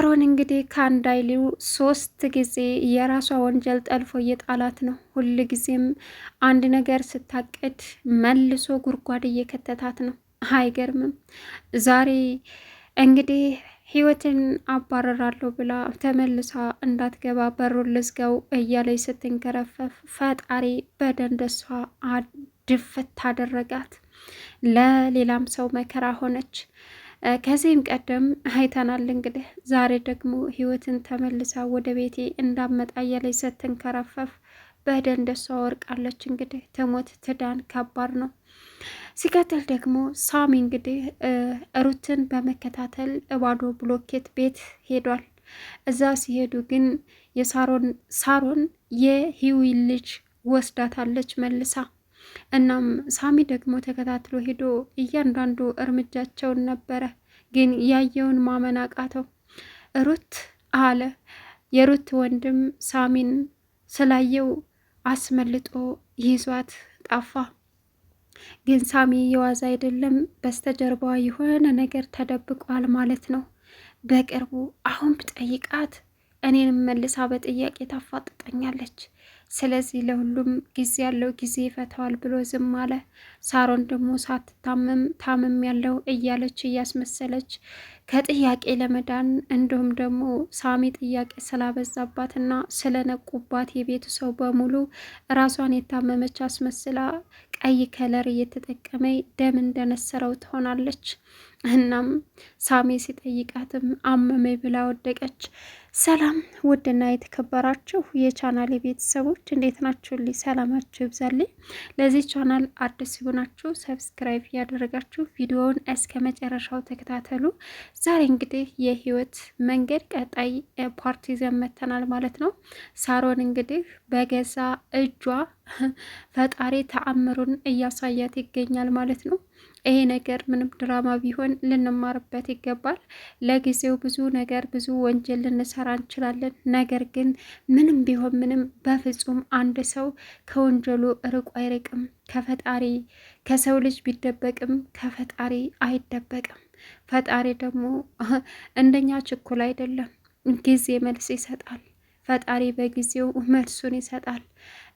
አሮን እንግዲህ ከአንድ ሶስት ጊዜ የራሷ ወንጀል ጠልፎ እየጣላት ነው። ሁል ጊዜም አንድ ነገር ስታቅድ መልሶ ጉድጓድ እየከተታት ነው። አይገርምም። ዛሬ እንግዲህ ህይወትን አባረራለሁ ብላ ተመልሳ እንዳትገባ በሩን ልዝጋው እያለች ስትንከረፈፍ ፈጣሪ በደንደሷ ድፍት አደረጋት። ለሌላም ሰው መከራ ሆነች። ከዚህም ቀደም አይተናል። እንግዲህ ዛሬ ደግሞ ህይወትን ተመልሳ ወደ ቤቴ እንዳመጣ እያለች ስትንከረፈፍ በደል እንደሷ ወርቃለች። እንግዲህ ትሞት ትዳን ከባድ ነው። ሲቀጥል ደግሞ ሳሚ እንግዲህ ሩትን በመከታተል እባዶ ብሎኬት ቤት ሄዷል። እዛ ሲሄዱ ግን የሳሮን ሳሮን የሂዊ ልጅ ወስዳታለች መልሳ እናም ሳሚ ደግሞ ተከታትሎ ሄዶ እያንዳንዱ እርምጃቸውን ነበረ፣ ግን ያየውን ማመን አቃተው። ሩት አለ የሩት ወንድም ሳሚን ስላየው አስመልጦ ይዟት ጠፋ። ግን ሳሚ የዋዛ አይደለም፣ በስተጀርባዋ የሆነ ነገር ተደብቋል ማለት ነው። በቅርቡ አሁን ብጠይቃት እኔንም መልሳ በጥያቄ ታፋጥጠኛለች። ስለዚህ ለሁሉም ጊዜ ያለው ጊዜ ይፈተዋል ብሎ ዝም አለ። ሳሮን ደግሞ ሳትታመም ታመም ያለው እያለች እያስመሰለች ከጥያቄ ለመዳን እንዲሁም ደግሞ ሳሚ ጥያቄ ስላበዛባትና ስለነቁባት የቤቱ ሰው በሙሉ ራሷን የታመመች አስመስላ ቀይ ከለር እየተጠቀመ ደም እንደነሰረው ትሆናለች። እናም ሳሜ ሲጠይቃትም አመመኝ ብላ ወደቀች። ሰላም ውድና የተከበራችሁ የቻናል ቤተሰቦች እንዴት ናችሁ? ልኝ ሰላማችሁ ይብዛልኝ። ለዚህ ቻናል አዲስ ሲሆናችሁ ሰብስክራይብ ያደረጋችሁ ቪዲዮውን እስከ መጨረሻው ተከታተሉ። ዛሬ እንግዲህ የህይወት መንገድ ቀጣይ ፓርቲ ይዘን ማለት ነው። ሳሮን እንግዲህ በገዛ እጇ ፈጣሪ ተአምሩን እያሳያት ይገኛል ማለት ነው። ይሄ ነገር ምንም ድራማ ቢሆን ልንማርበት ይገባል። ለጊዜው ብዙ ነገር ብዙ ወንጀል ልንሰራ እንችላለን። ነገር ግን ምንም ቢሆን ምንም በፍጹም አንድ ሰው ከወንጀሉ ርቆ አይርቅም። ከፈጣሪ ከሰው ልጅ ቢደበቅም ከፈጣሪ አይደበቅም። ፈጣሪ ደግሞ እንደኛ ችኩል አይደለም። ጊዜ መልስ ይሰጣል። ፈጣሪ በጊዜው መልሱን ይሰጣል።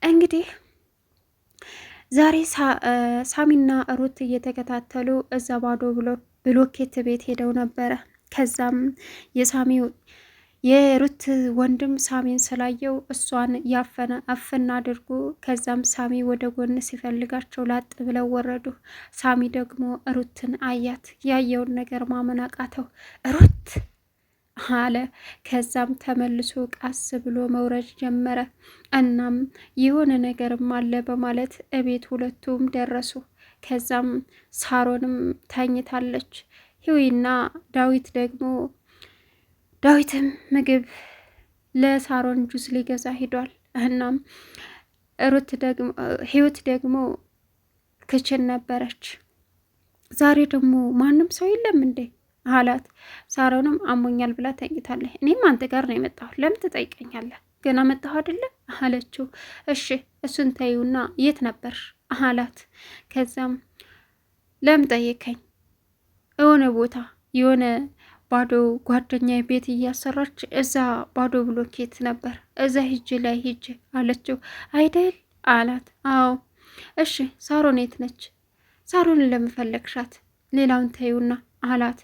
እንግዲህ ዛሬ ሳሚና ሩት እየተከታተሉ እዛ ባዶ ብሎኬት ቤት ሄደው ነበረ። ከዛም የሳሚው የሩት ወንድም ሳሚን ስላየው እሷን ያፈነ አፍና አድርጎ ከዛም ሳሚ ወደ ጎን ሲፈልጋቸው ላጥ ብለው ወረዱ። ሳሚ ደግሞ ሩትን አያት። ያየውን ነገር ማመን አቃተው። ሩት አለ። ከዛም ተመልሶ ቃስ ብሎ መውረድ ጀመረ። እናም የሆነ ነገርም አለ በማለት እቤት ሁለቱም ደረሱ። ከዛም ሳሮንም ተኝታለች። ህዊና ዳዊት ደግሞ ዳዊትም ምግብ ለሳሮን ጁስ ሊገዛ ሂዷል። እናም ሩት ደግሞ ህይወት ደግሞ ክችን ነበረች። ዛሬ ደግሞ ማንም ሰው የለም እንዴ? አላት። ሳሮንም አሞኛል ብላ ተኝታለች። እኔም አንተ ጋር ነው የመጣሁት ለምን ትጠይቀኛለህ? ገና መጣሁ አይደለ አለችው። እሺ እሱን ታዩና የት ነበር አላት። ከዛም ለምን ጠየከኝ? የሆነ ቦታ የሆነ ባዶ ጓደኛ ቤት እያሰራች እዛ ባዶ ብሎኬት ነበር እዛ ሂጅ ላይ ሂጅ አለችው። አይደል አላት። አዎ እሺ ሳሮን የት ነች? ሳሮንን ለመፈለግሻት ሌላውን ተዩና አላት።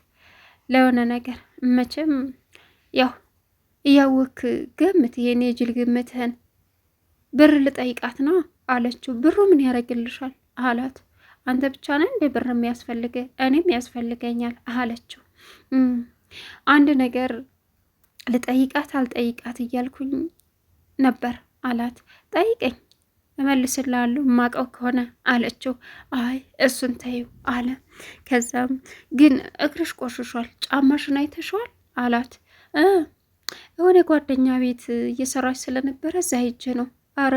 ለሆነ ነገር መቼም ያው እያወክ ገምት፣ ይሄን የጅል ግምትህን ብር ልጠይቃት ነው አለችው። ብሩ ምን ያደርግልሻል አላት። አንተ ብቻ ነህ እንደ ብር የሚያስፈልግ እኔም ያስፈልገኛል አለችው። አንድ ነገር ልጠይቃት አልጠይቃት እያልኩኝ ነበር አላት። ጠይቀኝ እመልስልሃለሁ ማቀው ከሆነ አለችው። አይ እሱን ተይው አለ። ከዛም ግን እግርሽ ቆሽሿል፣ ጫማሽን አይተሸዋል አላት። የሆነ ጓደኛ ቤት እየሰራች ስለነበረ እዛ ሂጅ ነው። አረ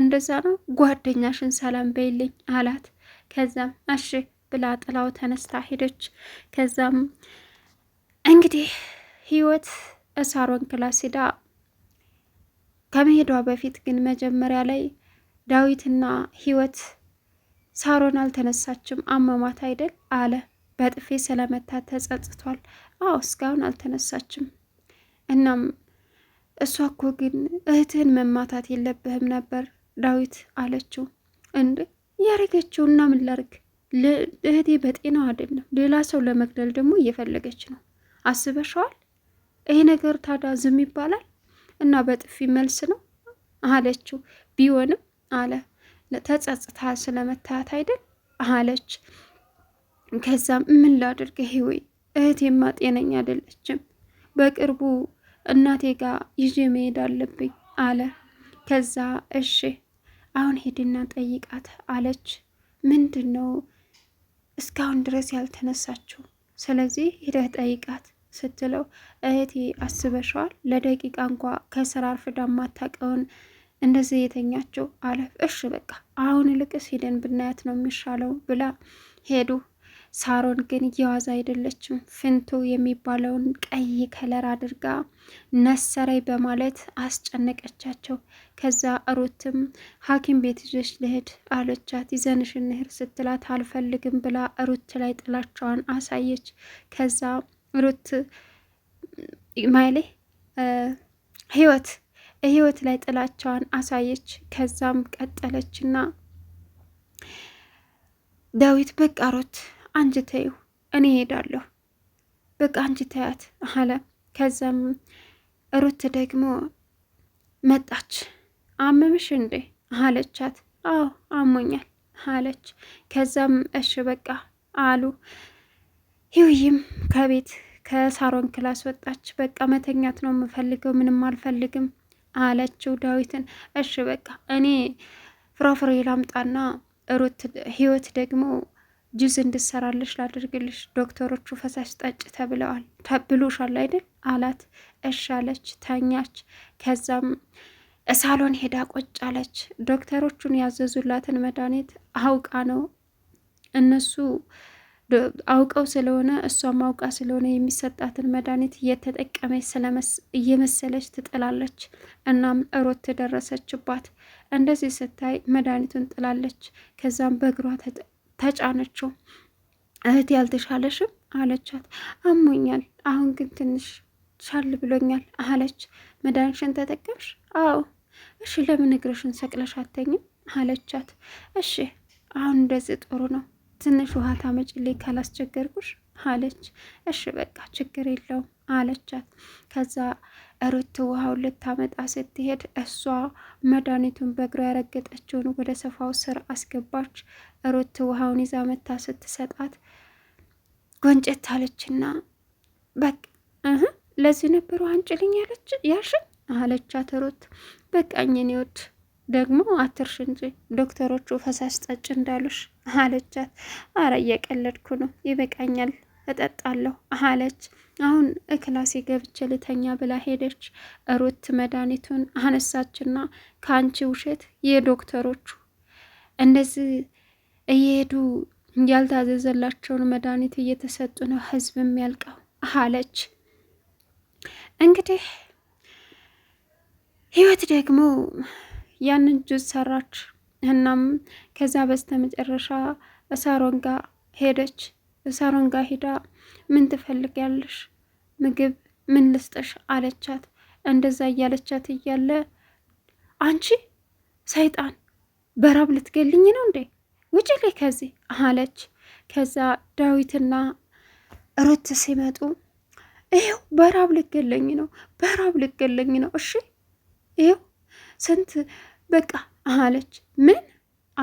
እንደዛ ነው፣ ጓደኛሽን ሰላም በይልኝ አላት። ከዛም እሺ ብላ ጥላው ተነስታ ሄደች። ከዛም እንግዲህ ህይወት እሳሮን ክላስ ሄዳ ከመሄዷ በፊት ግን መጀመሪያ ላይ ዳዊትና ህይወት ሳሮን አልተነሳችም አመማት አይደል አለ። በጥፌ ስለመታት ተጸጽቷል። አዎ እስካሁን አልተነሳችም። እናም እሷ እኮ ግን እህትህን መማታት የለብህም ነበር ዳዊት አለችው። እንዴ ያደረገችው እና ምን እህቴ በጤናው አይደለም፣ ሌላ ሰው ለመግደል ደግሞ እየፈለገች ነው። አስበሸዋል? ይሄ ነገር ታዲያ ዝም ይባላል? እና በጥፊ መልስ ነው አለችው። ቢሆንም አለ ተጸጽታ ስለመታያት አይደል አለች። ከዛም ምን ላድርግ ህይወይ እህቴማ ጤነኝ አይደለችም፣ በቅርቡ እናቴ ጋር ይዤ መሄድ አለብኝ አለ። ከዛ እሺ አሁን ሄድና ጠይቃት አለች። ምንድን ነው እስካሁን ድረስ ያልተነሳችው? ስለዚህ ሄደህ ጠይቃት ስትለው እህቴ አስበሸዋል፣ ለደቂቃ እንኳ ከስራ አርፍዳ ማታቀውን እንደዚህ የተኛችው አለ። እሽ በቃ አሁን ልቅስ ሄደን ብናያት ነው የሚሻለው ብላ ሄዱ። ሳሮን ግን እየዋዛ አይደለችም። ፍንቶ የሚባለውን ቀይ ከለር አድርጋ ነሰረይ በማለት አስጨነቀቻቸው። ከዛ ሩትም ሐኪም ቤት ይዘሽ ልሄድ አለቻት። ይዘንሽ ስትላት አልፈልግም ብላ ሩት ላይ ጥላቸዋን አሳየች። ከዛ ሩት ማይሌ ህይወት ህይወት ላይ ጥላቸዋን አሳየች። ከዛም ቀጠለችና ዳዊት በቃ ሩት አንቺ ተይው፣ እኔ እሄዳለሁ፣ በቃ አንቺ ተያት አለ። ከዛም ሩት ደግሞ መጣች። አመምሽ እንዴ አለቻት። አዎ አሞኛል አለች። ከዛም እሺ በቃ አሉ። ህዩይም ከቤት ከሳሮን ክላስ ወጣች። በቃ መተኛት ነው የምፈልገው፣ ምንም አልፈልግም አለችው ዳዊትን። እሺ በቃ እኔ ፍራፍሬ ላምጣና ሩት ህይወት ደግሞ ጁዝ እንድሰራልሽ ላድርግልሽ፣ ዶክተሮቹ ፈሳሽ ጠጭ ተብለዋል ተብሎሻል አይደል አላት። እሺ አለች፣ ተኛች። ከዛም ሳሎን ሄዳ ቆጭ አለች። ዶክተሮቹን ያዘዙላትን መድኃኒት አውቃ ነው እነሱ አውቀው ስለሆነ እሷም አውቃ ስለሆነ የሚሰጣትን መድኃኒት እየተጠቀመች እየመሰለች ትጥላለች። እናም እሮት ተደረሰችባት እንደዚህ ስታይ መድኃኒቱን ጥላለች። ከዛም በእግሯ ተጫነችው። እህት ያልተሻለሽም አለቻት። አሞኛል፣ አሁን ግን ትንሽ ሻል ብሎኛል አለች። መድኃኒትሽን ተጠቀምሽ? አዎ። እሺ፣ ለምን እግርሽን ሰቅለሽ አተኝም? አለቻት። እሺ፣ አሁን እንደዚህ ጥሩ ነው ትንሽ ውሃ ታመጭልኝ ካላስቸገርኩሽ አለች። እሺ በቃ ችግር የለውም አለቻት። ከዛ ሩት ውሃውን ልታመጣ ስትሄድ እሷ መድኃኒቱን በእግሯ ያረገጠችውን ወደ ሰፋው ስር አስገባች። ሩት ውሃውን ይዛ መታ ስትሰጣት ጎንጨት አለችና በቃ ለዚህ ነበሩ አንጭልኝ ያለች ያሽን አለቻት ሩት በቃኝን ይወድ ደግሞ አትርሽ እንጂ ዶክተሮቹ ፈሳሽ ጠጭ እንዳሉሽ አለቻት። አረ እየቀለድኩ ነው፣ ይበቃኛል፣ እጠጣለሁ አለች። አሁን እክላሴ ገብቼ ልተኛ ብላ ሄደች። ሩት መድኃኒቱን አነሳችና ከአንቺ ውሸት የዶክተሮቹ እንደዚህ እየሄዱ ያልታዘዘላቸውን መድኃኒት እየተሰጡ ነው ህዝብ የሚያልቀው አለች። እንግዲህ ህይወት ደግሞ ያንን ጁስ ሰራች። እናም ከዛ በስተ መጨረሻ ሳሮን ጋ ሄደች። እሳሮን ጋ ሄዳ ምን ትፈልጊያለሽ? ምግብ ምን ልስጥሽ? አለቻት። እንደዛ እያለቻት እያለ አንቺ ሰይጣን በራብ ልትገልኝ ነው እንዴ? ውጭ ላይ ከዚህ አለች። ከዛ ዳዊትና ሩት ሲመጡ ይኸው በራብ ልገለኝ ነው፣ በራብ ልገለኝ ነው። እሺ ይኸው ስንት በቃ አለች። ምን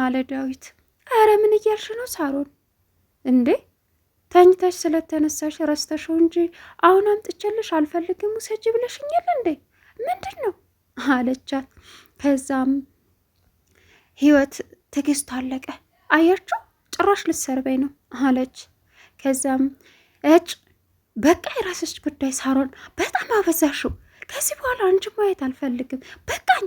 አለ ዳዊት። አረ ምን እያልሽ ነው ሳሮን? እንዴ ተኝተሽ ስለተነሳሽ ረስተሽው እንጂ አሁን አምጥቼልሽ አልፈልግም ውሰጂ ብለሽኛል እንዴ? ምንድን ነው አለቻት። ከዛም ህይወት ትዕግስቱ አለቀ። አያችሁ ጭራሽ ልትሰርበኝ ነው አለች። ከዛም እጭ በቃ የራስሽ ጉዳይ ሳሮን፣ በጣም አበዛሽው። ከዚህ በኋላ አንቺ ማየት አልፈልግም፣ በቃኝ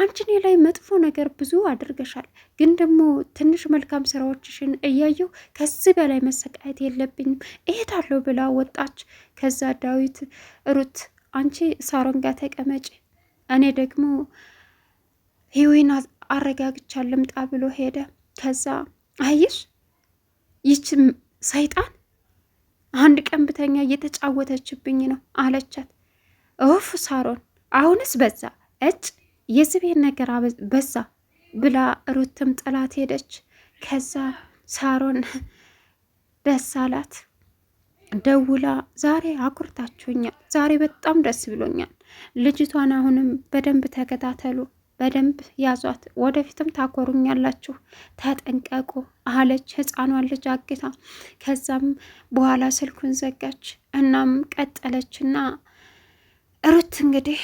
አንቺ እኔ ላይ መጥፎ ነገር ብዙ አድርገሻል፣ ግን ደግሞ ትንሽ መልካም ስራዎችሽን እያየሁ ከዚህ በላይ መሰቃየት የለብኝም እሄዳለሁ ብላ ወጣች። ከዛ ዳዊት ሩት አንቺ ሳሮን ጋር ተቀመጭ፣ እኔ ደግሞ ህይወይን አረጋግቻ ልምጣ ብሎ ሄደ። ከዛ አይሽ ይች ሰይጣን አንድ ቀን ብተኛ እየተጫወተችብኝ ነው አለቻት። ኦፍ ሳሮን አሁንስ በዛ እጭ የስቤን ነገር በዛ ብላ ሩትም ጥላት ሄደች። ከዛ ሳሮን ደስ አላት። ደውላ ዛሬ አኩርታችሁኛል፣ ዛሬ በጣም ደስ ብሎኛል። ልጅቷን አሁንም በደንብ ተከታተሉ፣ በደንብ ያዟት፣ ወደፊትም ታኮሩኛላችሁ፣ ተጠንቀቁ አለች ህፃኗን ልጅ አግታ። ከዛም በኋላ ስልኩን ዘጋች። እናም ቀጠለችና ሩት እንግዲህ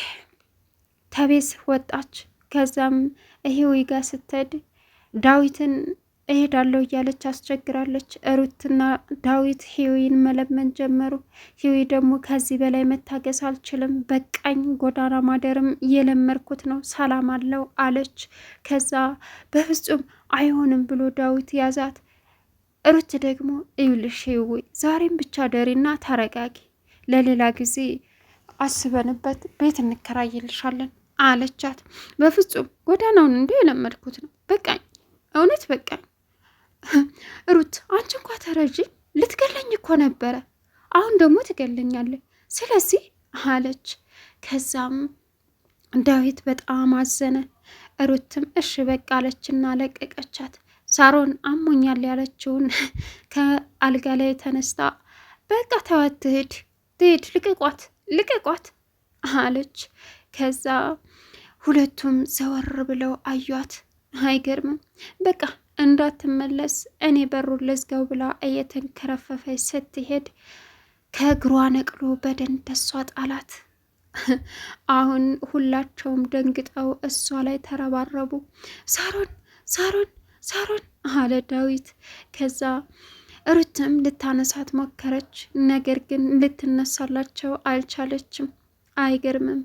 ተቤስ ወጣች። ከዛም ህይወት ይጋ ስትሄድ ዳዊትን እሄዳለሁ እያለች አስቸግራለች። ሩትና ዳዊት ህይወትን መለመን ጀመሩ። ህይወት ደግሞ ከዚህ በላይ መታገስ አልችልም፣ በቃኝ፣ ጎዳና ማደርም የለመርኩት ነው፣ ሰላም አለው አለች። ከዛ በፍጹም አይሆንም ብሎ ዳዊት ያዛት። ሩት ደግሞ እዩልሽ ህይወት ዛሬም ብቻ ደሪና ተረጋጊ፣ ለሌላ ጊዜ አስበንበት ቤት እንከራይልሻለን አለቻት። በፍጹም ጎዳናውን እንደ የለመድኩት ነው። በቃኝ፣ እውነት በቃኝ። ሩት አንቺ እንኳ ተረጂ ልትገለኝ እኮ ነበረ፣ አሁን ደግሞ ትገለኛለ ስለዚህ አለች። ከዛም ዳዊት በጣም አዘነ። ሩትም እሺ በቃ አለችና ለቀቀቻት። ሳሮን አሞኛል ያለችውን ከአልጋ ላይ ተነስታ በቃ ተዋት ትሄድ ትሄድ፣ ልቀቋት፣ ልቀቋት አለች። ከዛ ሁለቱም ዘወር ብለው አዩት። አይገርምም? በቃ እንዳትመለስ እኔ በሩን ልዝጋው ብላ እየተንከረፈፈች ስትሄድ ከእግሯ ነቅሎ በደን ደሷ ጣላት። አሁን ሁላቸውም ደንግጠው እሷ ላይ ተረባረቡ። ሳሮን ሳሮን ሳሮን አለ ዳዊት። ከዛ ሩትም ልታነሳት ሞከረች፣ ነገር ግን ልትነሳላቸው አልቻለችም። አይገርምም?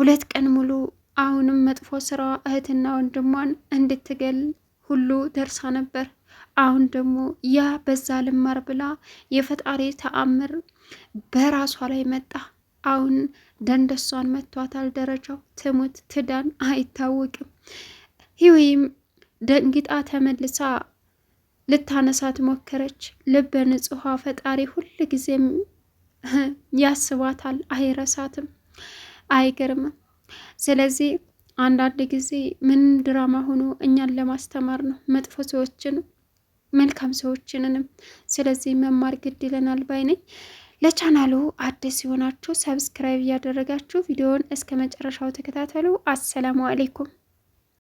ሁለት ቀን ሙሉ አሁንም መጥፎ ስራ እህትና ወንድሟን እንድትገል ሁሉ ደርሳ ነበር። አሁን ደግሞ ያ በዛ ልማር ብላ የፈጣሪ ተአምር በራሷ ላይ መጣ። አሁን ደንደሷን መቷታል። ደረጃው ትሙት ትዳን አይታወቅም። ህይወይም ደንግጣ ተመልሳ ልታነሳት ሞከረች። ልበ ንጹሐ ፈጣሪ ጊዜም ያስባታል፣ አይረሳትም። አይገርምም። ስለዚህ አንዳንድ ጊዜ ምን ድራማ ሆኖ እኛን ለማስተማር ነው መጥፎ ሰዎችን መልካም ሰዎችንንም። ስለዚህ መማር ግድ ይለናል ባይ ነኝ። ለቻናሉ አዲስ የሆናችሁ ሰብስክራይብ እያደረጋችሁ ቪዲዮውን እስከ መጨረሻው ተከታተሉ። አሰላሙ አሌይኩም